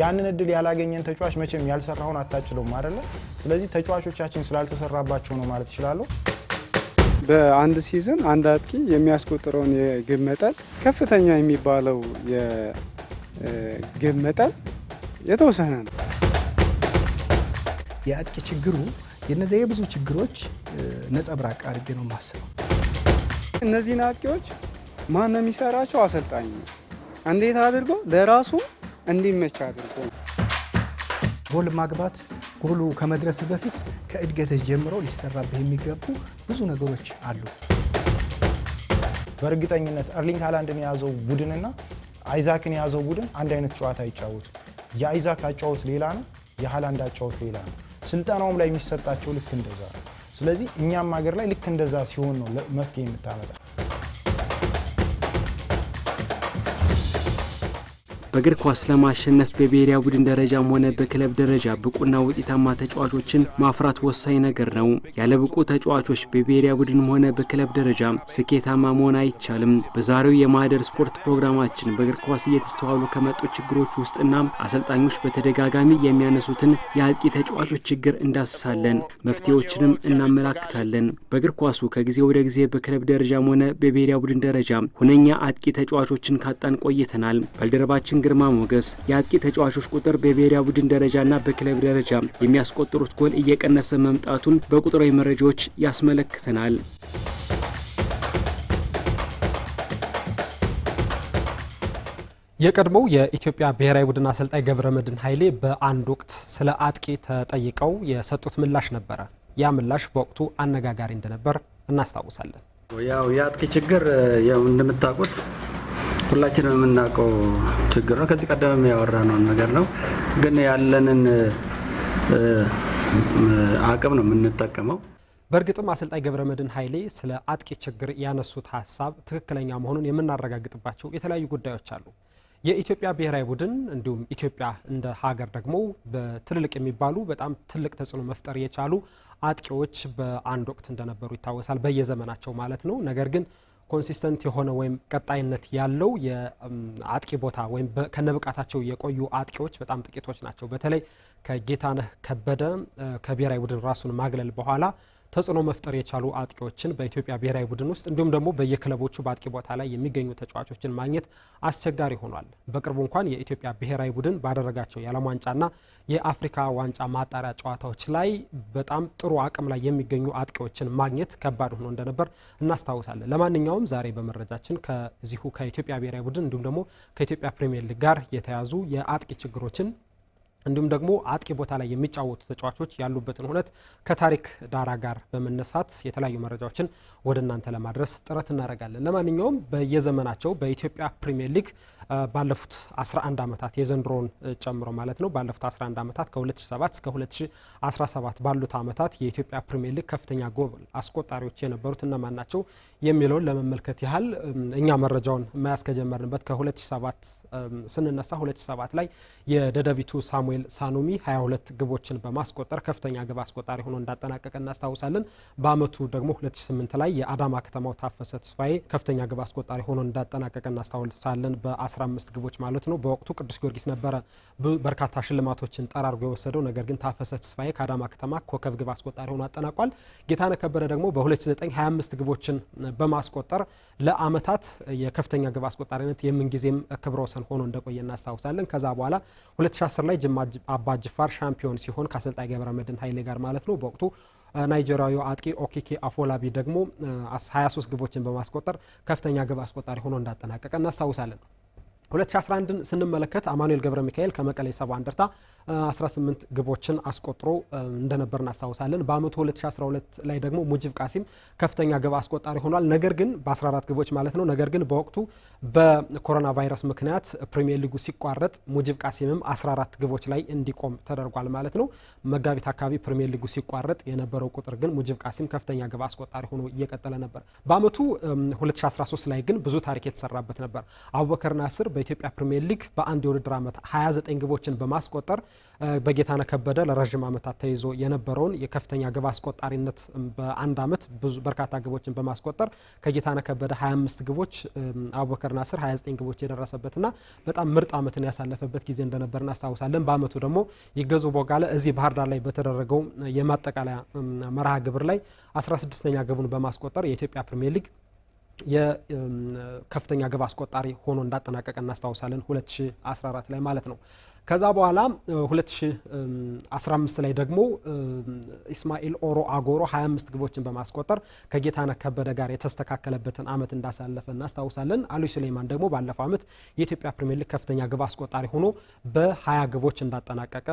ያንን እድል ያላገኘን ተጫዋች መቼም ያልሰራውን አታችለውም አይደለ? ስለዚህ ተጫዋቾቻችን ስላልተሰራባቸው ነው ማለት ይችላሉ? በአንድ ሲዝን አንድ አጥቂ የሚያስቆጥረውን የግብ መጠን ከፍተኛ የሚባለው የግብ መጠን የተወሰነ ነው። የአጥቂ ችግሩ የነዚ የብዙ ችግሮች ነጸብራቅ አድርጌ ነው የማስበው። እነዚህን አጥቂዎች ማን ነው የሚሰራቸው? አሰልጣኝ ነው። እንዴት አድርጎ ለራሱ እንዲመቻ አድርጎ ጎል ማግባት ጎሉ ከመድረስ በፊት ከእድገትህ ጀምሮ ሊሰራብህ የሚገቡ ብዙ ነገሮች አሉ። በእርግጠኝነት እርሊንግ ሃላንድን የያዘው ቡድንና አይዛክን የያዘው ቡድን አንድ አይነት ጨዋታ አይጫወቱ። የአይዛክ አጫወት ሌላ ነው፣ የሃላንድ አጫወት ሌላ ነው። ስልጠናውም ላይ የሚሰጣቸው ልክ እንደዛ ነው። ስለዚህ እኛም ሀገር ላይ ልክ እንደዛ ሲሆን ነው መፍትሄ የምታመጣ በእግር ኳስ ለማሸነፍ በብሔራዊ ቡድን ደረጃም ሆነ በክለብ ደረጃ ብቁና ውጤታማ ተጫዋቾችን ማፍራት ወሳኝ ነገር ነው። ያለ ብቁ ተጫዋቾች በብሔራዊ ቡድንም ሆነ በክለብ ደረጃ ስኬታማ መሆን አይቻልም። በዛሬው የማህደር ስፖርት ፕሮግራማችን በእግር ኳስ እየተስተዋሉ ከመጡ ችግሮች ውስጥና አሰልጣኞች በተደጋጋሚ የሚያነሱትን የአጥቂ ተጫዋቾች ችግር እንዳስሳለን፣ መፍትሄዎችንም እናመላክታለን። በእግር ኳሱ ከጊዜ ወደ ጊዜ በክለብ ደረጃም ሆነ በብሔራዊ ቡድን ደረጃ ሁነኛ አጥቂ ተጫዋቾችን ካጣን ቆይተናል። ባልደረባችን ግርማ ሞገስ የአጥቂ ተጫዋቾች ቁጥር በብሔራዊ ቡድን ደረጃና በክለብ ደረጃ የሚያስቆጥሩት ጎል እየቀነሰ መምጣቱን በቁጥራዊ መረጃዎች ያስመለክተናል። የቀድሞው የኢትዮጵያ ብሔራዊ ቡድን አሰልጣኝ ገብረመድህን ኃይሌ በአንድ ወቅት ስለ አጥቂ ተጠይቀው የሰጡት ምላሽ ነበረ። ያ ምላሽ በወቅቱ አነጋጋሪ እንደነበር እናስታውሳለን። ያው የአጥቂ ችግር እንደምታውቁት ሁላችንም የምናውቀው ችግር ነው። ከዚህ ቀደም ያወራነውን ነገር ነው። ግን ያለንን አቅም ነው የምንጠቀመው። በእርግጥም አሰልጣኝ ገብረመድህን ኃይሌ ስለ አጥቂ ችግር ያነሱት ሀሳብ ትክክለኛ መሆኑን የምናረጋግጥባቸው የተለያዩ ጉዳዮች አሉ። የኢትዮጵያ ብሔራዊ ቡድን እንዲሁም ኢትዮጵያ እንደ ሀገር ደግሞ በትልልቅ የሚባሉ በጣም ትልቅ ተጽዕኖ መፍጠር የቻሉ አጥቂዎች በአንድ ወቅት እንደነበሩ ይታወሳል፣ በየዘመናቸው ማለት ነው። ነገር ግን ኮንሲስተንት የሆነ ወይም ቀጣይነት ያለው የአጥቂ ቦታ ወይም ከነብቃታቸው የቆዩ አጥቂዎች በጣም ጥቂቶች ናቸው። በተለይ ከጌታነህ ከበደ ከብሔራዊ ቡድን ራሱን ማግለል በኋላ ተጽዕኖ መፍጠር የቻሉ አጥቂዎችን በኢትዮጵያ ብሔራዊ ቡድን ውስጥ እንዲሁም ደግሞ በየክለቦቹ በአጥቂ ቦታ ላይ የሚገኙ ተጫዋቾችን ማግኘት አስቸጋሪ ሆኗል። በቅርቡ እንኳን የኢትዮጵያ ብሔራዊ ቡድን ባደረጋቸው የዓለም ዋንጫና የአፍሪካ ዋንጫ ማጣሪያ ጨዋታዎች ላይ በጣም ጥሩ አቅም ላይ የሚገኙ አጥቂዎችን ማግኘት ከባድ ሆኖ እንደነበር እናስታውሳለን። ለማንኛውም ዛሬ በመረጃችን ከዚሁ ከኢትዮጵያ ብሔራዊ ቡድን እንዲሁም ደግሞ ከኢትዮጵያ ፕሪምየር ሊግ ጋር የተያዙ የአጥቂ ችግሮችን እንዲሁም ደግሞ አጥቂ ቦታ ላይ የሚጫወቱ ተጫዋቾች ያሉበትን ሁነት ከታሪክ ዳራ ጋር በመነሳት የተለያዩ መረጃዎችን ወደ እናንተ ለማድረስ ጥረት እናደርጋለን። ለማንኛውም በየዘመናቸው በኢትዮጵያ ፕሪምየር ሊግ ባለፉት 11 ዓመታት የዘንድሮን ጨምሮ ማለት ነው ባለፉት 11 ዓመታት ከ2007 እስከ 2017 ባሉት ዓመታት የኢትዮጵያ ፕሪምየር ሊግ ከፍተኛ ጎል አስቆጣሪዎች የነበሩት እነማን ናቸው የሚለውን ለመመልከት ያህል እኛ መረጃውን መያዝ ከጀመርንበት ከ2007 ስንነሳ 2007 ላይ የደደቢቱ ሳሙ ሳሙኤል ሳኑሚ 22 ግቦችን በማስቆጠር ከፍተኛ ግብ አስቆጣሪ ሆኖ እንዳጠናቀቀ እናስታውሳለን። በአመቱ ደግሞ 2008 ላይ የአዳማ ከተማው ታፈሰ ተስፋዬ ከፍተኛ ግብ አስቆጣሪ ሆኖ እንዳጠናቀቀ እናስታውሳለን። በ15 ግቦች ማለት ነው። በወቅቱ ቅዱስ ጊዮርጊስ ነበረ በርካታ ሽልማቶችን ጠራርጎ የወሰደው። ነገር ግን ታፈሰ ተስፋዬ ከአዳማ ከተማ ኮከብ ግብ አስቆጣሪ ሆኖ አጠናቋል። ጌታነህ ከበደ ደግሞ በ2009 25 ግቦችን በማስቆጠር ለአመታት የከፍተኛ ግብ አስቆጣሪነት የምንጊዜም ክብረ ወሰን ሆኖ እንደቆየ እናስታውሳለን። ከዛ በኋላ 2010 ላይ ጅማ አባጅፋር ሻምፒዮን ሲሆን ከአሰልጣኝ መድን ኃይሌ ጋር ማለት ነው። በወቅቱ ናይጄሪያዊ አጥቂ ኦኬኬ አፎላቢ ደግሞ 23 ግቦችን በማስቆጠር ከፍተኛ ግብ አስቆጣሪ ሆኖ እንዳጠናቀቀ እናስታውሳለን። 2011ን ስንመለከት አማኑኤል ገብረ ሚካኤል ከመቀሌ ሰባ እንደርታ 18 ግቦችን አስቆጥሮ እንደነበር እናስታውሳለን። በአመቱ 2012 ላይ ደግሞ ሙጅብ ቃሲም ከፍተኛ ግብ አስቆጣሪ ሆኗል። ነገር ግን በ14 ግቦች ማለት ነው። ነገር ግን በወቅቱ በኮሮና ቫይረስ ምክንያት ፕሪሚየር ሊጉ ሲቋረጥ ሙጅብ ቃሲምም 14 ግቦች ላይ እንዲቆም ተደርጓል ማለት ነው። መጋቢት አካባቢ ፕሪሚየር ሊጉ ሲቋረጥ የነበረው ቁጥር ግን ሙጅብ ቃሲም ከፍተኛ ግብ አስቆጣሪ ሆኖ እየቀጠለ ነበር። በአመቱ 2013 ላይ ግን ብዙ ታሪክ የተሰራበት ነበር። አቡበከር ናስር በኢትዮጵያ ፕሪምየር ሊግ በአንድ የውድድር ዓመት 29 ግቦችን በማስቆጠር በጌታነህ ከበደ ለረዥም ዓመታት ተይዞ የነበረውን የከፍተኛ ግብ አስቆጣሪነት በአንድ ዓመት ብዙ በርካታ ግቦችን በማስቆጠር ከጌታነህ ከበደ 25 ግቦች አቡበከር ናስር 29 ግቦች የደረሰበትና በጣም ምርጥ ዓመትን ያሳለፈበት ጊዜ እንደነበር እናስታውሳለን። በዓመቱ ደግሞ ይገዙ ቦጋለ እዚህ ባህር ዳር ላይ በተደረገው የማጠቃለያ መርሃ ግብር ላይ 16ኛ ግቡን በማስቆጠር የኢትዮጵያ ፕሪምየር ሊግ የከፍተኛ ግብ አስቆጣሪ ሆኖ እንዳጠናቀቀ እናስታውሳለን 2014 ላይ ማለት ነው። ከዛ በኋላ 2015 ላይ ደግሞ ኢስማኤል ኦሮ አጎሮ 25 ግቦችን በማስቆጠር ከጌታነህ ከበደ ጋር የተስተካከለበትን ዓመት እንዳሳለፈ እናስታውሳለን። አሊ ሱሌማን ደግሞ ባለፈው ዓመት የኢትዮጵያ ፕሪምየር ሊግ ከፍተኛ ግብ አስቆጣሪ ሆኖ በ20 ግቦች እንዳጠናቀቀ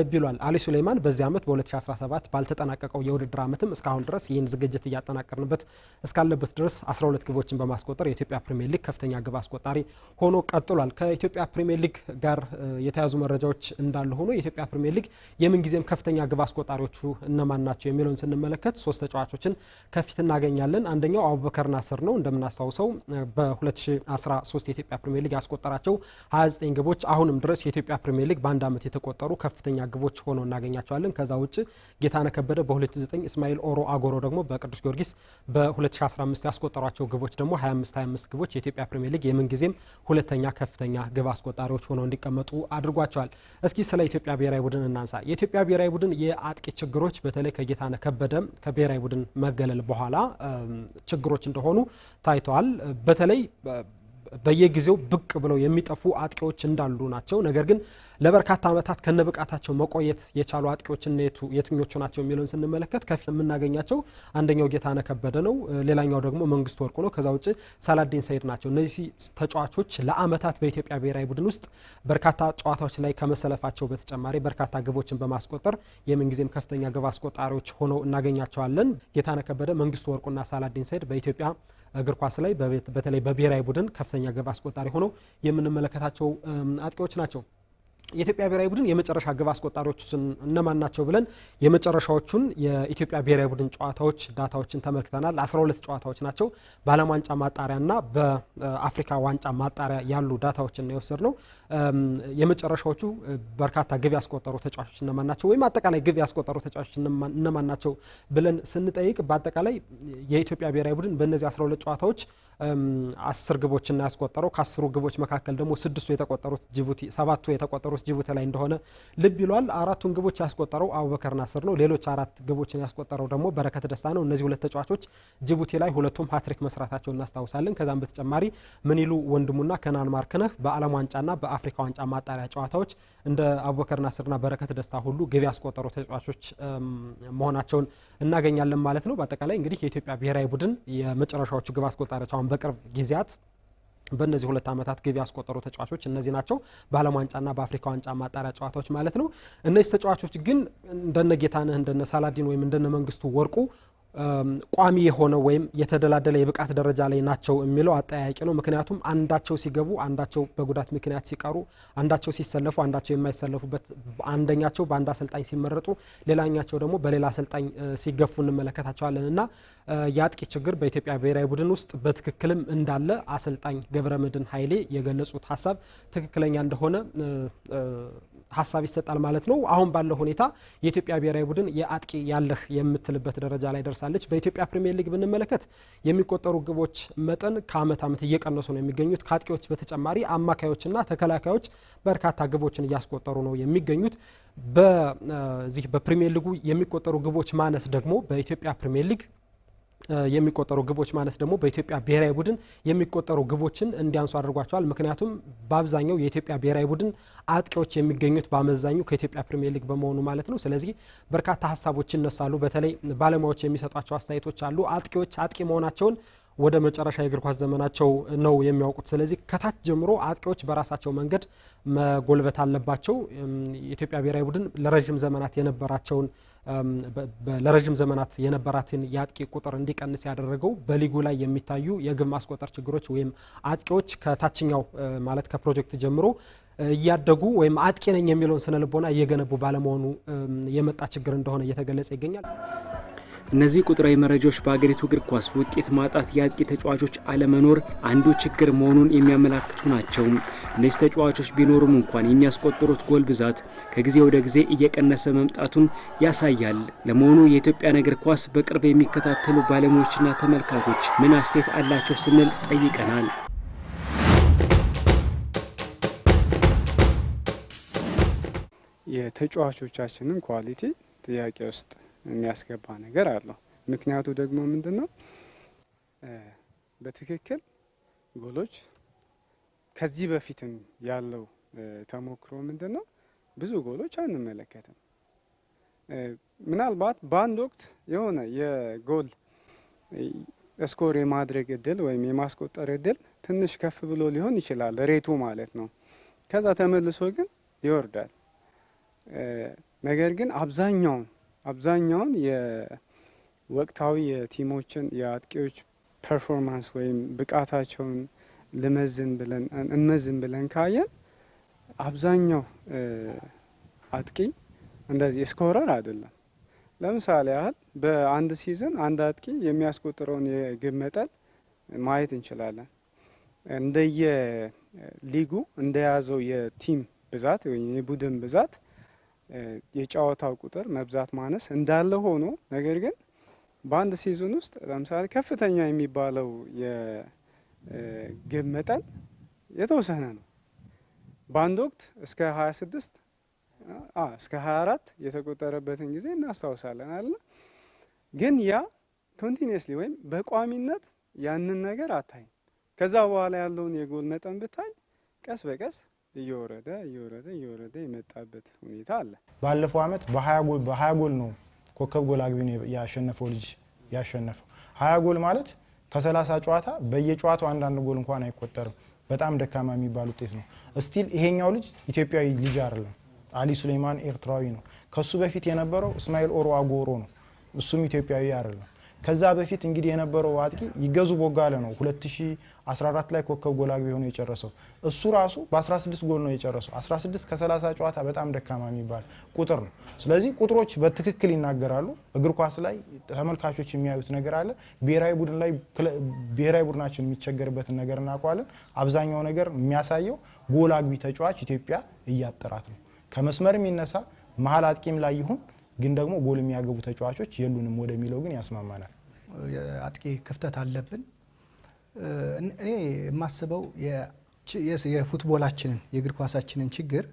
ልብ ይሏል። አሊ ሱሌማን በዚህ ዓመት በ2017 ባልተጠናቀቀው የውድድር ዓመትም እስካሁን ድረስ ይህን ዝግጅት እያጠናቀርንበት እስካለበት ድረስ 12 ግቦችን በማስቆጠር የኢትዮጵያ ፕሪምየር ሊግ ከፍተኛ ግብ አስቆጣሪ ሆኖ ቀጥሏል። ከኢትዮጵያ ፕሪምየር ሊግ ጋር የተያ የተያዙ መረጃዎች እንዳሉ ሆኖ የኢትዮጵያ ፕሪሚየር ሊግ የምንጊዜም ከፍተኛ ግብ አስቆጣሪዎቹ እነማን ናቸው የሚለውን ስንመለከት ሶስት ተጫዋቾችን ከፊት እናገኛለን። አንደኛው አቡበከር ናስር ነው። እንደምናስታውሰው በ2013 የኢትዮጵያ ፕሪሚየር ሊግ ያስቆጠራቸው 29 ግቦች አሁንም ድረስ የኢትዮጵያ ፕሪሚየር ሊግ በአንድ ዓመት የተቆጠሩ ከፍተኛ ግቦች ሆኖ እናገኛቸዋለን። ከዛ ውጭ ጌታነ ከበደ በ2009 እስማኤል ኦሮ አጎሮ ደግሞ በቅዱስ ጊዮርጊስ በ2015 ያስቆጠሯቸው ግቦች ደግሞ 25 25 ግቦች የኢትዮጵያ ፕሪሚየር ሊግ የምንጊዜም ሁለተኛ ከፍተኛ ግብ አስቆጣሪዎች ሆነው እንዲቀመጡ አድርጓል። አድርጓቸዋል። እስኪ ስለ ኢትዮጵያ ብሔራዊ ቡድን እናንሳ። የኢትዮጵያ ብሔራዊ ቡድን የአጥቂ ችግሮች በተለይ ከጌታነህ ከበደ ከብሔራዊ ቡድን መገለል በኋላ ችግሮች እንደሆኑ ታይተዋል። በተለይ በየጊዜው ብቅ ብለው የሚጠፉ አጥቂዎች እንዳሉ ናቸው። ነገር ግን ለበርካታ ዓመታት ከነብቃታቸው መቆየት የቻሉ አጥቂዎች የትኞቹ ናቸው የሚለውን ስንመለከት ከፊት የምናገኛቸው አንደኛው ጌታነህ ከበደ ነው። ሌላኛው ደግሞ መንግስቱ ወርቁ ነው። ከዛ ውጭ ሳላዲን ሰይድ ናቸው። እነዚህ ተጫዋቾች ለዓመታት በኢትዮጵያ ብሔራዊ ቡድን ውስጥ በርካታ ጨዋታዎች ላይ ከመሰለፋቸው በተጨማሪ በርካታ ግቦችን በማስቆጠር የምንጊዜም ከፍተኛ ግብ አስቆጣሪዎች ሆነው እናገኛቸዋለን። ጌታነህ ከበደ፣ መንግስቱ ወርቁና ሳላዲን ሰይድ በኢትዮጵያ እግር ኳስ ላይ በተለይ በብሔራዊ ቡድን ከፍተኛ ግብ አስቆጣሪ ሆነው የምንመለከታቸው አጥቂዎች ናቸው። የኢትዮጵያ ብሔራዊ ቡድን የመጨረሻ ግብ አስቆጣሪዎች እነማን ናቸው ብለን የመጨረሻዎቹን የኢትዮጵያ ብሔራዊ ቡድን ጨዋታዎች ዳታዎችን ተመልክተናል። 12 ጨዋታዎች ናቸው። በዓለም ዋንጫ ማጣሪያና በአፍሪካ ዋንጫ ማጣሪያ ያሉ ዳታዎችን የወሰድ ነው። የመጨረሻዎቹ በርካታ ግብ ያስቆጠሩ ተጫዋቾች እነማን ናቸው ወይም አጠቃላይ ግብ ያስቆጠሩ ተጫዋቾች እነማን ናቸው ብለን ስንጠይቅ በአጠቃላይ የኢትዮጵያ ብሔራዊ ቡድን በእነዚህ 12 ጨዋታዎች አስር ግቦችን ያስቆጠረው ከአስሩ ግቦች መካከል ደግሞ ስድስቱ የተቆጠሩት ጅቡቲ ሰባቱ የተቆጠሩት ጅቡቲ ላይ እንደሆነ ልብ ይሏል። አራቱን ግቦች ያስቆጠረው አቡበከር ናስር ነው። ሌሎች አራት ግቦችን ያስቆጠረው ደግሞ በረከት ደስታ ነው። እነዚህ ሁለት ተጫዋቾች ጅቡቲ ላይ ሁለቱም ሀትሪክ መስራታቸውን እናስታውሳለን። ከዛም በተጨማሪ ምንይሉ ወንድሙና ከናን ማርክነህ በዓለም ዋንጫና በአፍሪካ ዋንጫ ማጣሪያ ጨዋታዎች እንደ አቡበከር ናስርና በረከት ደስታ ሁሉ ግብ ያስቆጠሩ ተጫዋቾች መሆናቸውን እናገኛለን ማለት ነው። በአጠቃላይ እንግዲህ የኢትዮጵያ ብሔራዊ ቡድን የመጨረሻዎቹ ግብ አስቆጣሪዎች አሁን በቅርብ ጊዜያት በእነዚህ ሁለት ዓመታት ግብ ያስቆጠሩ ተጫዋቾች እነዚህ ናቸው። በዓለም ዋንጫና በአፍሪካ ዋንጫ ማጣሪያ ጨዋታዎች ማለት ነው። እነዚህ ተጫዋቾች ግን እንደነ ጌታነህ እንደነ ሳላዲን ወይም እንደነ መንግስቱ ወርቁ ቋሚ የሆነ ወይም የተደላደለ የብቃት ደረጃ ላይ ናቸው የሚለው አጠያያቂ ነው። ምክንያቱም አንዳቸው ሲገቡ፣ አንዳቸው በጉዳት ምክንያት ሲቀሩ፣ አንዳቸው ሲሰለፉ፣ አንዳቸው የማይሰለፉበት አንደኛቸው በአንድ አሰልጣኝ ሲመረጡ፣ ሌላኛቸው ደግሞ በሌላ አሰልጣኝ ሲገፉ እንመለከታቸዋለን እና የአጥቂ ችግር በኢትዮጵያ ብሔራዊ ቡድን ውስጥ በትክክልም እንዳለ አሰልጣኝ ገብረመድህን ኃይሌ የገለጹት ሀሳብ ትክክለኛ እንደሆነ ሀሳብ ይሰጣል ማለት ነው። አሁን ባለው ሁኔታ የኢትዮጵያ ብሔራዊ ቡድን የአጥቂ ያለህ የምትልበት ደረጃ ላይ ደርሳለች። በኢትዮጵያ ፕሪምየር ሊግ ብንመለከት የሚቆጠሩ ግቦች መጠን ከአመት ዓመት እየቀነሱ ነው የሚገኙት። ከአጥቂዎች በተጨማሪ አማካዮችና ተከላካዮች በርካታ ግቦችን እያስቆጠሩ ነው የሚገኙት። በዚህ በፕሪምየር ሊጉ የሚቆጠሩ ግቦች ማነስ ደግሞ በኢትዮጵያ ፕሪምየር ሊግ የሚቆጠሩ ግቦች ማለት ደግሞ በኢትዮጵያ ብሔራዊ ቡድን የሚቆጠሩ ግቦችን እንዲያንሱ አድርጓቸዋል። ምክንያቱም በአብዛኛው የኢትዮጵያ ብሔራዊ ቡድን አጥቂዎች የሚገኙት በአመዛኙ ከኢትዮጵያ ፕሪምየር ሊግ በመሆኑ ማለት ነው። ስለዚህ በርካታ ሀሳቦች ይነሳሉ። በተለይ ባለሙያዎች የሚሰጧቸው አስተያየቶች አሉ። አጥቂዎች አጥቂ መሆናቸውን ወደ መጨረሻ የእግር ኳስ ዘመናቸው ነው የሚያውቁት። ስለዚህ ከታች ጀምሮ አጥቂዎች በራሳቸው መንገድ መጎልበት አለባቸው። የኢትዮጵያ ብሔራዊ ቡድን ለረዥም ዘመናት የነበራቸውን ለረዥም ዘመናት የነበራትን የአጥቂ ቁጥር እንዲቀንስ ያደረገው በሊጉ ላይ የሚታዩ የግብ ማስቆጠር ችግሮች ወይም አጥቂዎች ከታችኛው ማለት ከፕሮጀክት ጀምሮ እያደጉ ወይም አጥቂ ነኝ የሚለውን ስነልቦና እየገነቡ ባለመሆኑ የመጣ ችግር እንደሆነ እየተገለጸ ይገኛል። እነዚህ ቁጥራዊ መረጃዎች በአገሪቱ እግር ኳስ ውጤት ማጣት የአጥቂ ተጫዋቾች አለመኖር አንዱ ችግር መሆኑን የሚያመላክቱ ናቸው። እነዚህ ተጫዋቾች ቢኖሩም እንኳን የሚያስቆጥሩት ጎል ብዛት ከጊዜ ወደ ጊዜ እየቀነሰ መምጣቱን ያሳያል። ለመሆኑ የኢትዮጵያን እግር ኳስ በቅርብ የሚከታተሉ ባለሙያዎችና ተመልካቾች ምን አስተያየት አላቸው ስንል ጠይቀናል። የተጫዋቾቻችንን ኳሊቲ ጥያቄ ውስጥ የሚያስገባ ነገር አለው። ምክንያቱ ደግሞ ምንድን ነው? በትክክል ጎሎች ከዚህ በፊትም ያለው ተሞክሮ ምንድን ነው? ብዙ ጎሎች አንመለከትም። ምናልባት በአንድ ወቅት የሆነ የጎል ስኮር የማድረግ እድል ወይም የማስቆጠር እድል ትንሽ ከፍ ብሎ ሊሆን ይችላል፣ ሬቱ ማለት ነው። ከዛ ተመልሶ ግን ይወርዳል። ነገር ግን አብዛኛውን አብዛኛውን የወቅታዊ የቲሞችን የአጥቂዎች ፐርፎርማንስ ወይም ብቃታቸውን ልመዝን ብለን እንመዝን ብለን ካየን አብዛኛው አጥቂ እንደዚህ ስኮረር አይደለም። ለምሳሌ ያህል በአንድ ሲዝን አንድ አጥቂ የሚያስቆጥረውን የግብ መጠን ማየት እንችላለን። እንደየ ሊጉ እንደያዘው የቲም ብዛት ወይም የቡድን ብዛት የጨዋታው ቁጥር መብዛት ማነስ እንዳለ ሆኖ ነገር ግን በአንድ ሲዝን ውስጥ ለምሳሌ ከፍተኛ የሚባለው የግብ መጠን የተወሰነ ነው። በአንድ ወቅት እስከ 26 እስከ 24 የተቆጠረበትን ጊዜ እናስታውሳለን አለ። ግን ያ ኮንቲኒየስሊ ወይም በቋሚነት ያንን ነገር አታይም። ከዛ በኋላ ያለውን የጎል መጠን ብታይ ቀስ በቀስ እየወረደ እየወረደ እየወረደ የመጣበት ሁኔታ አለ። ባለፈው አመት በሀያ ጎል ነው ኮከብ ጎል አግቢ ነው ያሸነፈው ልጅ ያሸነፈው። ሀያ ጎል ማለት ከሰላሳ ጨዋታ በየጨዋታው አንዳንድ ጎል እንኳን አይቆጠርም። በጣም ደካማ የሚባል ውጤት ነው። እስቲል ይሄኛው ልጅ ኢትዮጵያዊ ልጅ አይደለም። አሊ ሱሌማን ኤርትራዊ ነው። ከሱ በፊት የነበረው እስማኤል ኦሮ አጎሮ ነው። እሱም ኢትዮጵያዊ አይደለም። ከዛ በፊት እንግዲህ የነበረው አጥቂ ይገዙ ቦጋለ ነው። 2014 ላይ ኮከብ ጎል አግቢ ሆኖ የጨረሰው እሱ ራሱ በ16 ጎል ነው የጨረሰው። 16 ከ30 ጨዋታ በጣም ደካማ የሚባል ቁጥር ነው። ስለዚህ ቁጥሮች በትክክል ይናገራሉ። እግር ኳስ ላይ ተመልካቾች የሚያዩት ነገር አለ። ብሔራዊ ቡድን ላይ ብሔራዊ ቡድናችን የሚቸገርበትን ነገር እናውቋለን። አብዛኛው ነገር የሚያሳየው ጎል አግቢ ተጫዋች ኢትዮጵያ እያጠራት ነው። ከመስመርም ይነሳ መሀል አጥቂም ላይ ይሁን ግን ደግሞ ጎል የሚያገቡ ተጫዋቾች የሉንም ወደሚለው ግን ያስማማናል። አጥቂ ክፍተት አለብን። እኔ የማስበው የፉትቦላችንን የእግር ኳሳችንን ችግር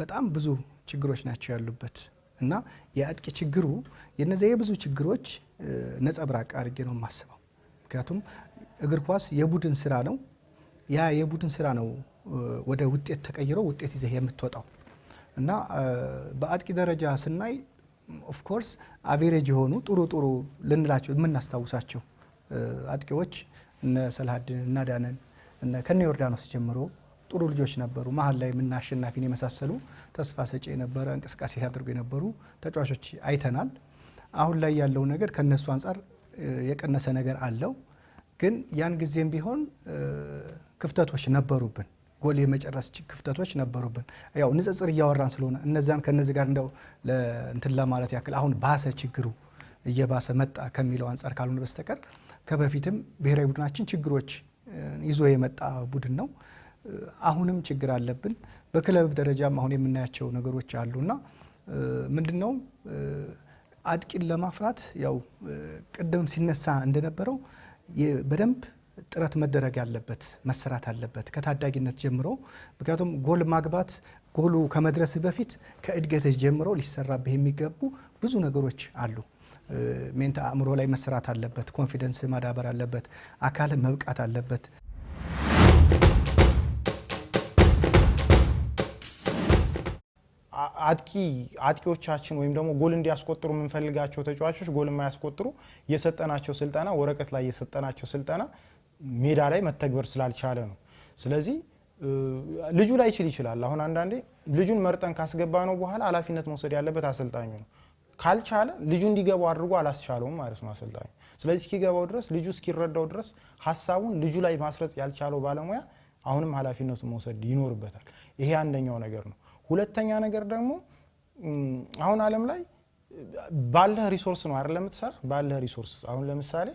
በጣም ብዙ ችግሮች ናቸው ያሉበት እና የአጥቂ ችግሩ የነዚ የብዙ ችግሮች ነጸብራቅ አድርጌ ነው የማስበው። ምክንያቱም እግር ኳስ የቡድን ስራ ነው። ያ የቡድን ስራ ነው ወደ ውጤት ተቀይሮ ውጤት ይዘህ የምትወጣው እና በአጥቂ ደረጃ ስናይ ኦፍኮርስ አቬሬጅ የሆኑ ጥሩ ጥሩ ልንላቸው የምናስታውሳቸው አጥቂዎች እነ ሰልሀድን እና ዳነን ከነ ዮርዳኖስ ጀምሮ ጥሩ ልጆች ነበሩ። መሀል ላይ ምና አሸናፊን የመሳሰሉ ተስፋ ሰጪ የነበረ እንቅስቃሴ ሲያደርጉ የነበሩ ተጫዋቾች አይተናል። አሁን ላይ ያለው ነገር ከነሱ አንጻር የቀነሰ ነገር አለው፣ ግን ያን ጊዜም ቢሆን ክፍተቶች ነበሩብን። ጎል የመጨረስ ክፍተቶች ነበሩብን። ያው ንጽጽር እያወራን ስለሆነ እነዚያን ከነዚህ ጋር እንደው እንትን ለማለት ያክል አሁን ባሰ ችግሩ እየባሰ መጣ ከሚለው አንጻር ካልሆነ በስተቀር ከበፊትም ብሔራዊ ቡድናችን ችግሮች ይዞ የመጣ ቡድን ነው። አሁንም ችግር አለብን። በክለብ ደረጃም አሁን የምናያቸው ነገሮች አሉና ምንድን ነው አጥቂን ለማፍራት ያው ቅድም ሲነሳ እንደነበረው በደንብ ጥረት መደረግ ያለበት መሰራት አለበት ከታዳጊነት ጀምሮ። ምክንያቱም ጎል ማግባት ጎሉ ከመድረስ በፊት ከእድገት ጀምሮ ሊሰራብህ የሚገቡ ብዙ ነገሮች አሉ። ሜንት አእምሮ ላይ መሰራት አለበት። ኮንፊደንስ ማዳበር አለበት። አካል መብቃት አለበት። አጥቂ አጥቂዎቻችን ወይም ደግሞ ጎል እንዲያስቆጥሩ የምንፈልጋቸው ተጫዋቾች ጎል የማያስቆጥሩ የሰጠናቸው ስልጠና ወረቀት ላይ የሰጠናቸው ስልጠና ሜዳ ላይ መተግበር ስላልቻለ ነው። ስለዚህ ልጁ ላይ ይችል ይችላል። አሁን አንዳንዴ ልጁን መርጠን ካስገባ ነው በኋላ ኃላፊነት መውሰድ ያለበት አሰልጣኙ ነው። ካልቻለ ልጁ እንዲገባው አድርጎ አላስቻለውም ማለት ነው አሰልጣኙ። ስለዚህ እስኪገባው ድረስ ልጁ እስኪረዳው ድረስ ሀሳቡን ልጁ ላይ ማስረጽ ያልቻለው ባለሙያ አሁንም ሀላፊነቱ መውሰድ ይኖርበታል። ይሄ አንደኛው ነገር ነው። ሁለተኛ ነገር ደግሞ አሁን ዓለም ላይ ባለህ ሪሶርስ ነው አይደል የምትሰራ ባለህ ሪሶርስ አሁን ለምሳሌ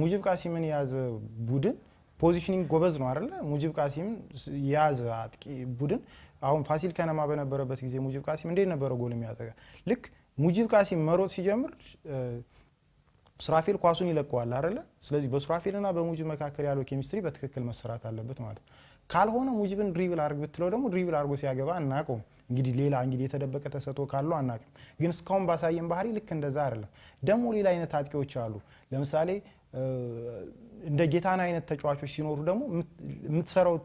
ሙጅብ ቃሲምን የያዘ ቡድን ፖዚሽኒንግ ጎበዝ ነው አይደለ? ሙጅብ ቃሲምን የያዘ አጥቂ ቡድን አሁን ፋሲል ከነማ በነበረበት ጊዜ ሙጅብ ቃሲም እንዴት ነበረ ጎል የሚያጠቃ? ልክ ሙጅብ ቃሲም መሮጥ ሲጀምር ሱራፌል ኳሱን ይለቀዋል አይደለ? ስለዚህ በሱራፌልና በሙጅብ መካከል ያለው ኬሚስትሪ በትክክል መሰራት አለበት ማለት ነው። ካልሆነ ሙጅብን ድሪብል አርግ ብትለው ደግሞ ድሪብል አርጎ ሲያገባ አናቀውም። እንግዲህ ሌላ እንግዲህ የተደበቀ ተሰጥቶ ካለው አናቅም፣ ግን እስካሁን ባሳየን ባህሪ ልክ እንደዛ አይደለም። ደግሞ ሌላ አይነት አጥቂዎች አሉ። ለምሳሌ እንደ ጌታን አይነት ተጫዋቾች ሲኖሩ ደግሞ የምትሰራው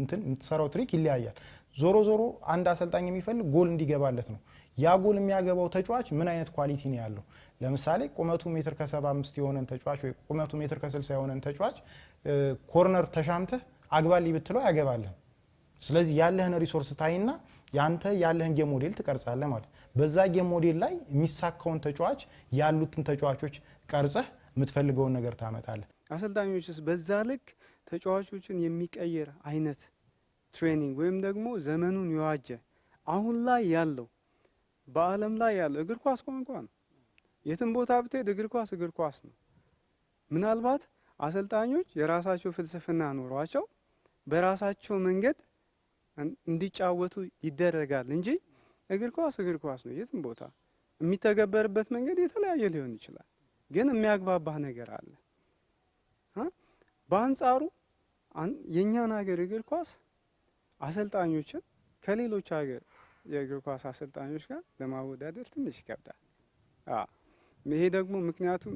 እንትን የምትሰራው ትሪክ ይለያያል። ዞሮ ዞሮ አንድ አሰልጣኝ የሚፈልግ ጎል እንዲገባለት ነው። ያ ጎል የሚያገባው ተጫዋች ምን አይነት ኳሊቲ ነው ያለው? ለምሳሌ ቁመቱ ሜትር ከ75 የሆነን ተጫዋች ወይ ቁመቱ ሜትር ከ60 የሆነን ተጫዋች ኮርነር ተሻምተህ አግባል ብትለው አያገባልህም። ስለዚህ ያለህን ሪሶርስ ታይና ያንተ ያለህን ጌም ሞዴል ትቀርጻለህ ማለት በዛ ጌም ሞዴል ላይ የሚሳካውን ተጫዋች ያሉትን ተጫዋቾች ቀርጸህ የምትፈልገውን ነገር ታመጣለህ። አሰልጣኞችስ በዛ ልክ ተጫዋቾችን የሚቀይር አይነት ትሬኒንግ ወይም ደግሞ ዘመኑን የዋጀ አሁን ላይ ያለው በዓለም ላይ ያለው እግር ኳስ ቋንቋ ነው። የትም ቦታ ብትሄድ እግር ኳስ እግር ኳስ ነው። ምናልባት አሰልጣኞች የራሳቸው ፍልስፍና ኖሯቸው በራሳቸው መንገድ እንዲጫወቱ ይደረጋል እንጂ እግር ኳስ እግር ኳስ ነው። የትም ቦታ የሚተገበርበት መንገድ የተለያየ ሊሆን ይችላል። ግን የሚያግባባህ ነገር አለ። በአንጻሩ የእኛን ሀገር እግር ኳስ አሰልጣኞችን ከሌሎች ሀገር የእግር ኳስ አሰልጣኞች ጋር ለማወዳደር ትንሽ ይከብዳል። ይሄ ደግሞ ምክንያቱም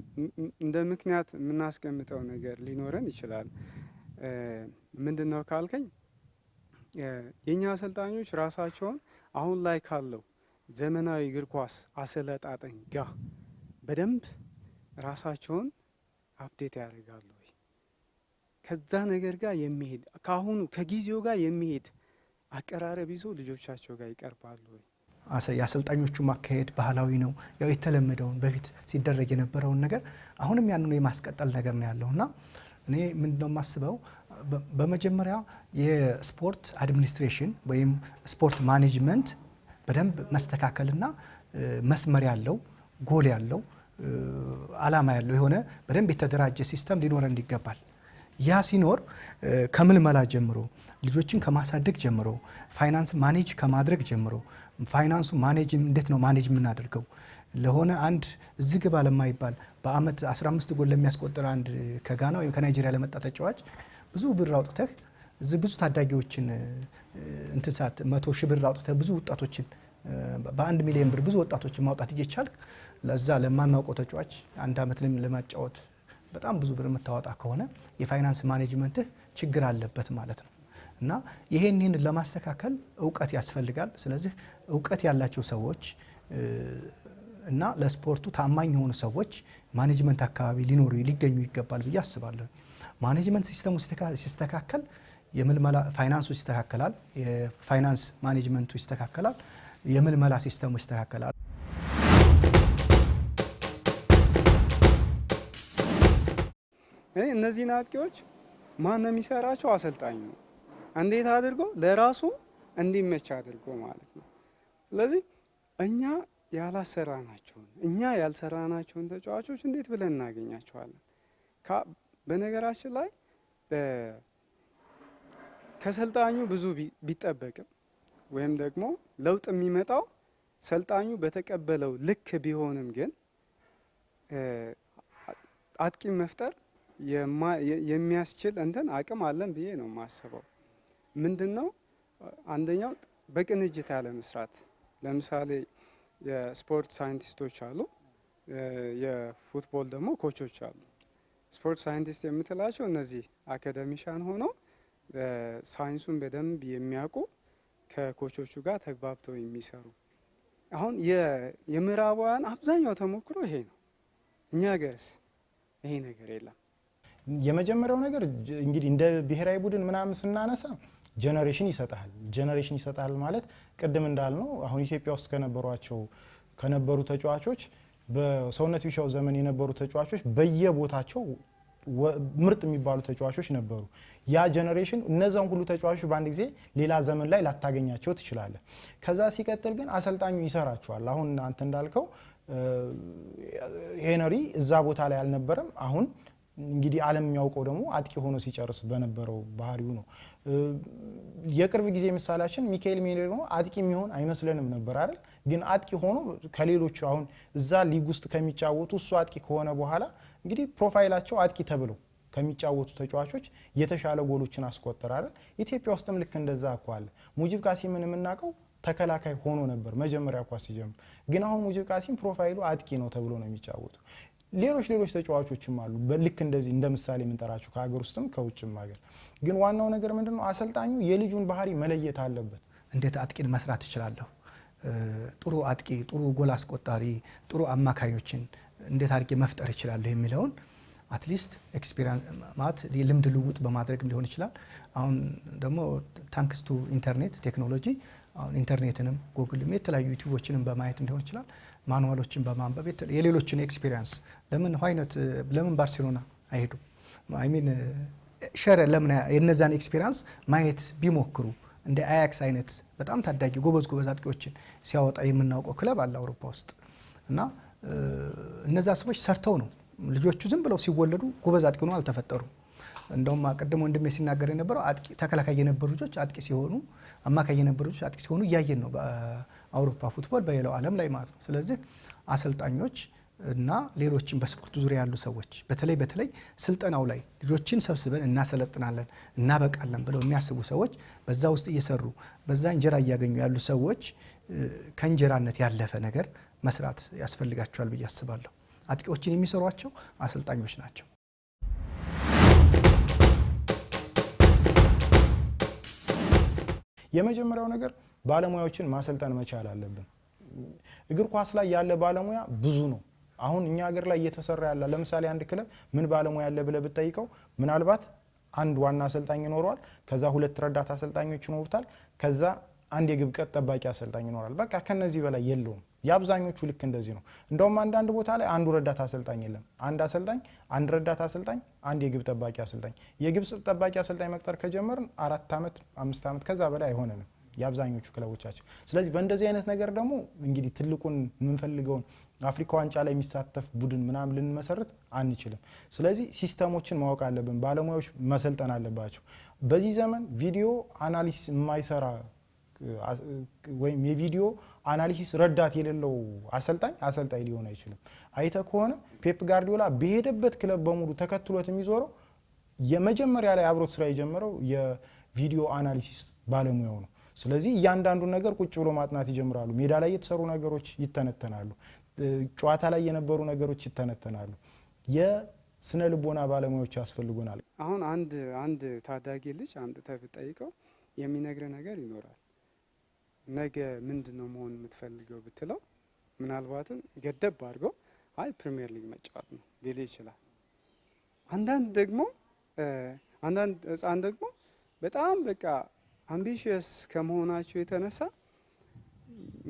እንደ ምክንያት የምናስቀምጠው ነገር ሊኖረን ይችላል። ምንድን ነው ካልከኝ የእኛ አሰልጣኞች ራሳቸውን አሁን ላይ ካለው ዘመናዊ እግር ኳስ አሰለጣጠኝ ጋር በደንብ ራሳቸውን አፕዴት ያደርጋሉ ወይ? ከዛ ነገር ጋር የሚሄድ ከአሁኑ ከጊዜው ጋር የሚሄድ አቀራረብ ይዞ ልጆቻቸው ጋር ይቀርባሉ ወይ? የአሰልጣኞቹ ማካሄድ ባህላዊ ነው። ያው የተለመደውን በፊት ሲደረግ የነበረውን ነገር አሁንም ያንኑ የማስቀጠል ነገር ነው ያለው እና እኔ ምንድነው የማስበው በመጀመሪያ የስፖርት አድሚኒስትሬሽን ወይም ስፖርት ማኔጅመንት በደንብ መስተካከልና መስመር ያለው ጎል ያለው አላማ ያለው የሆነ በደንብ የተደራጀ ሲስተም ሊኖረን ይገባል። ያ ሲኖር ከምልመላ ጀምሮ ልጆችን ከማሳደግ ጀምሮ ፋይናንስ ማኔጅ ከማድረግ ጀምሮ ፋይናንሱ ማኔጅ እንዴት ነው ማኔጅ የምናደርገው ለሆነ አንድ እዚህ ግባ ለማይባል በአመት 15 ጎል ለሚያስቆጥር አንድ ከጋና ወይም ከናይጄሪያ ለመጣ ተጫዋች ብዙ ብር አውጥተህ እዚህ ብዙ ታዳጊዎችን እንትሳት መቶ ሺህ ብር አውጥተህ ብዙ ወጣቶችን በአንድ ሚሊዮን ብር ብዙ ወጣቶችን ማውጣት እየቻልክ ለዛ ለማናውቀው ተጫዋች አንድ አመት ለማጫወት በጣም ብዙ ብር የምታወጣ ከሆነ የፋይናንስ ማኔጅመንትህ ችግር አለበት ማለት ነው። እና ይሄን ይህን ለማስተካከል እውቀት ያስፈልጋል። ስለዚህ እውቀት ያላቸው ሰዎች እና ለስፖርቱ ታማኝ የሆኑ ሰዎች ማኔጅመንት አካባቢ ሊኖሩ ሊገኙ ይገባል ብዬ አስባለሁ። ማኔጅመንት ሲስተሙ ሲስተካከል የምልመላ ፋይናንሱ ይስተካከላል። የፋይናንስ ማኔጅመንቱ ይስተካከላል። የምልመላ ሲስተሙ ይስተካከላል። እነዚህን አጥቂዎች ማን ነው የሚሰራቸው? አሰልጣኝ ነው። እንዴት አድርጎ ለራሱ እንዲመች አድርጎ ማለት ነው። ስለዚህ እኛ ያላሰራናቸውን እኛ ያልሰራናቸውን ተጫዋቾች እንዴት ብለን እናገኛቸዋለን? በነገራችን ላይ ከሰልጣኙ ብዙ ቢጠበቅም ወይም ደግሞ ለውጥ የሚመጣው ሰልጣኙ በተቀበለው ልክ ቢሆንም ግን አጥቂ መፍጠር የሚያስችል እንትን አቅም አለን ብዬ ነው የማስበው። ምንድን ነው አንደኛው በቅንጅት ያለ መስራት። ለምሳሌ የስፖርት ሳይንቲስቶች አሉ፣ የፉትቦል ደግሞ ኮቾች አሉ። ስፖርት ሳይንቲስት የምትላቸው እነዚህ አካደሚሻን ሆነው ሳይንሱን በደንብ የሚያውቁ ከኮቾቹ ጋር ተግባብተው የሚሰሩ አሁን የምዕራባውያን አብዛኛው ተሞክሮ ይሄ ነው። እኛ ገርስ ይሄ ነገር የለም። የመጀመሪያው ነገር እንግዲህ እንደ ብሔራዊ ቡድን ምናምን ስናነሳ ጀነሬሽን ይሰጣል። ጀነሬሽን ይሰጣል ማለት ቅድም እንዳልነው አሁን ኢትዮጵያ ውስጥ ከነበሯቸው ከነበሩ ተጫዋቾች በሰውነት ቢሻው ዘመን የነበሩ ተጫዋቾች በየቦታቸው ምርጥ የሚባሉ ተጫዋቾች ነበሩ። ያ ጀኔሬሽን እነዛን ሁሉ ተጫዋቾች በአንድ ጊዜ ሌላ ዘመን ላይ ላታገኛቸው ትችላለህ። ከዛ ሲቀጥል ግን አሰልጣኙ ይሰራቸዋል። አሁን አንተ እንዳልከው ሄነሪ እዛ ቦታ ላይ አልነበረም። አሁን እንግዲህ ዓለም የሚያውቀው ደግሞ አጥቂ ሆኖ ሲጨርስ በነበረው ባህሪው ነው። የቅርብ ጊዜ ምሳሌያችን ሚካኤል ሜሬኖ አጥቂ የሚሆን አይመስለንም ነበር አይደል? ግን አጥቂ ሆኖ ከሌሎቹ አሁን እዛ ሊግ ውስጥ ከሚጫወቱ እሱ አጥቂ ከሆነ በኋላ እንግዲህ ፕሮፋይላቸው አጥቂ ተብለው ከሚጫወቱ ተጫዋቾች የተሻለ ጎሎችን አስቆጠር አይደል? ኢትዮጵያ ውስጥም ልክ እንደዛ እኮ አለ። ሙጂብ ካሲምን የምናውቀው ተከላካይ ሆኖ ነበር መጀመሪያ ኳስ ሲጀምር። ግን አሁን ሙጅብ ካሲም ፕሮፋይሉ አጥቂ ነው ተብሎ ነው የሚጫወቱ ሌሎች ሌሎች ተጫዋቾችም አሉ። በልክ እንደዚህ እንደ ምሳሌ የምንጠራቸው ከሀገር ውስጥም ከውጭም ሀገር። ግን ዋናው ነገር ምንድነው? አሰልጣኙ የልጁን ባህሪ መለየት አለበት። እንዴት አጥቂን መስራት እችላለሁ? ጥሩ አጥቂ፣ ጥሩ ጎል አስቆጣሪ፣ ጥሩ አማካዮችን እንዴት አድርጌ መፍጠር እችላለሁ የሚለውን አትሊስት ኤክስፒሪንስ ልምድ ልውጥ በማድረግ ሊሆን ይችላል። አሁን ደግሞ ታንክስ ቱ ኢንተርኔት ቴክኖሎጂ አሁን ኢንተርኔትንም ጉግል የተለያዩ ዩቲዩቦችንም በማየት ሊሆን ይችላል ማኑዋሎችን በማንበብ የሌሎችን ኤክስፒሪየንስ ለምን ይነት uh, ለምን ባርሴሎና አይሄዱም? ሚን uh, ሸረ ለምን የነዛን ኤክስፒሪየንስ ማየት ቢሞክሩ እንደ አያክስ አይነት በጣም ታዳጊ ጎበዝ ጎበዝ አጥቂዎችን ሲያወጣ የምናውቀው ክለብ አለ አውሮፓ ውስጥ እና uh, እነዛ ሰዎች ሰርተው ነው ልጆቹ ዝም ብለው ሲወለዱ ጎበዝ አጥቂ ነው አልተፈጠሩም። እንደውም ቅድም ወንድሜ ሲናገር የነበረው አጥቂ ተከላካይ የነበሩ ልጆች አጥቂ ሲሆኑ አማካይ የነበሩ ልጆች አጥቂ ሲሆኑ እያየን ነው በአውሮፓ ፉትቦል በሌላው ዓለም ላይ ማለት ነው። ስለዚህ አሰልጣኞች እና ሌሎችን በስፖርቱ ዙሪያ ያሉ ሰዎች በተለይ በተለይ ስልጠናው ላይ ልጆችን ሰብስበን እናሰለጥናለን እናበቃለን ብለው የሚያስቡ ሰዎች በዛ ውስጥ እየሰሩ በዛ እንጀራ እያገኙ ያሉ ሰዎች ከእንጀራነት ያለፈ ነገር መስራት ያስፈልጋቸዋል ብዬ አስባለሁ። አጥቂዎችን የሚሰሯቸው አሰልጣኞች ናቸው። የመጀመሪያው ነገር ባለሙያዎችን ማሰልጠን መቻል አለብን። እግር ኳስ ላይ ያለ ባለሙያ ብዙ ነው። አሁን እኛ ሀገር ላይ እየተሰራ ያለ ለምሳሌ አንድ ክለብ ምን ባለሙያ አለ ብለህ ብትጠይቀው ምናልባት አንድ ዋና አሰልጣኝ ይኖረዋል። ከዛ ሁለት ረዳት አሰልጣኞች ይኖሩታል። ከዛ አንድ የግብ ጠባቂ አሰልጣኝ ይኖራል። በቃ ከነዚህ በላይ የለውም። የአብዛኞቹ ልክ እንደዚህ ነው። እንደውም አንዳንድ ቦታ ላይ አንዱ ረዳት አሰልጣኝ የለም። አንድ አሰልጣኝ፣ አንድ ረዳት አሰልጣኝ፣ አንድ የግብ ጠባቂ አሰልጣኝ። የግብ ጠባቂ አሰልጣኝ መቅጠር ከጀመርን አራት ዓመት አምስት ዓመት ከዛ በላይ አይሆነንም የአብዛኞቹ ክለቦቻችን። ስለዚህ በእንደዚህ አይነት ነገር ደግሞ እንግዲህ ትልቁን የምንፈልገውን አፍሪካ ዋንጫ ላይ የሚሳተፍ ቡድን ምናምን ልንመሰርት አንችልም። ስለዚህ ሲስተሞችን ማወቅ አለብን። ባለሙያዎች መሰልጠን አለባቸው። በዚህ ዘመን ቪዲዮ አናሊሲስ የማይሰራ ወይም የቪዲዮ አናሊሲስ ረዳት የሌለው አሰልጣኝ አሰልጣኝ ሊሆን አይችልም። አይተ ከሆነ ፔፕ ጋርዲዮላ በሄደበት ክለብ በሙሉ ተከትሎት የሚዞረው የመጀመሪያ ላይ አብሮት ስራ የጀመረው የቪዲዮ አናሊሲስ ባለሙያው ነው። ስለዚህ እያንዳንዱን ነገር ቁጭ ብሎ ማጥናት ይጀምራሉ። ሜዳ ላይ የተሰሩ ነገሮች ይተነተናሉ። ጨዋታ ላይ የነበሩ ነገሮች ይተነተናሉ። የስነ ልቦና ባለሙያዎች ያስፈልጉናል። አሁን አንድ አንድ ታዳጊ ልጅ አምጥተህ ብጠይቀው የሚነግረ ነገር ይኖራል ነገ ምንድን ነው መሆን የምትፈልገው ብትለው ምናልባትም ገደብ አድርገው አይ ፕሪሚየር ሊግ መጫወት ነው ሊል ይችላል። አንዳንድ ደግሞ አንዳንድ ህፃን ደግሞ በጣም በቃ አምቢሽየስ ከመሆናቸው የተነሳ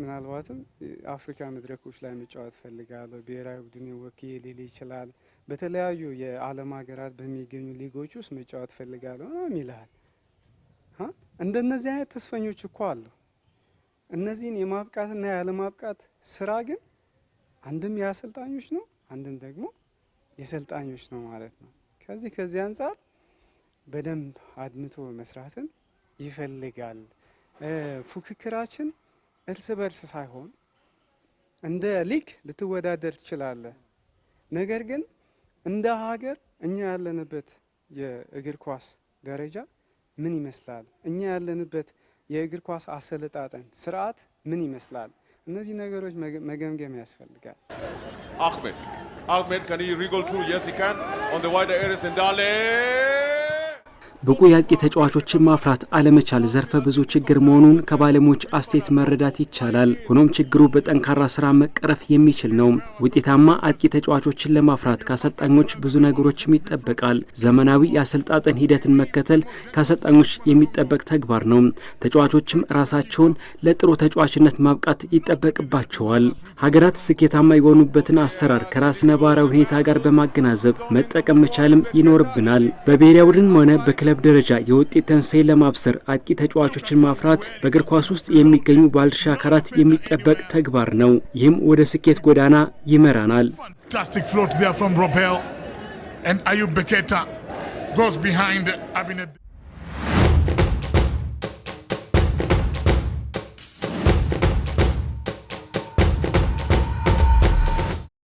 ምናልባትም አፍሪካ መድረኮች ላይ መጫወት ፈልጋለሁ፣ ብሔራዊ ቡድን ወክዬ ሊል ይችላል። በተለያዩ የዓለም ሀገራት በሚገኙ ሊጎች ውስጥ መጫወት ፈልጋለሁ ይልሃል። እንደነዚህ አይነት ተስፈኞች እኮ አሉ። እነዚህን የማብቃትና ያለማብቃት ስራ ግን አንድም የአሰልጣኞች ነው፣ አንድም ደግሞ የሰልጣኞች ነው ማለት ነው። ከዚህ ከዚህ አንጻር በደንብ አድምቶ መስራትን ይፈልጋል። ፉክክራችን እርስ በርስ ሳይሆን እንደ ሊግ ልትወዳደር ትችላለህ። ነገር ግን እንደ ሀገር እኛ ያለንበት የእግር ኳስ ደረጃ ምን ይመስላል? እኛ ያለንበት የእግር ኳስ አሰለጣጠን ስርዓት ምን ይመስላል? እነዚህ ነገሮች መገምገም ያስፈልጋል። አህመድ አህመድ ከኒ ሪጎል ትሩ የስ ሂ ካን ኦን ዋይደር ኤሪያስ እንዳለ ብቁ የአጥቂ ተጫዋቾችን ማፍራት አለመቻል ዘርፈ ብዙ ችግር መሆኑን ከባለሙያዎች አስተያየት መረዳት ይቻላል። ሆኖም ችግሩ በጠንካራ ስራ መቀረፍ የሚችል ነው። ውጤታማ አጥቂ ተጫዋቾችን ለማፍራት ከአሰልጣኞች ብዙ ነገሮችም ይጠበቃል። ዘመናዊ የአሰልጣጠን ሂደትን መከተል ከአሰልጣኞች የሚጠበቅ ተግባር ነው። ተጫዋቾችም ራሳቸውን ለጥሩ ተጫዋችነት ማብቃት ይጠበቅባቸዋል። ሀገራት ስኬታማ የሆኑበትን አሰራር ከራስ ነባራዊ ሁኔታ ጋር በማገናዘብ መጠቀም መቻልም ይኖርብናል። በብሔራዊ ቡድንም ሆነ በክ በክለብ ደረጃ የውጤት ተንሳይ ለማብሰር አጥቂ ተጫዋቾችን ማፍራት በእግር ኳስ ውስጥ የሚገኙ ባለድርሻ አካላት የሚጠበቅ ተግባር ነው። ይህም ወደ ስኬት ጎዳና ይመራናል።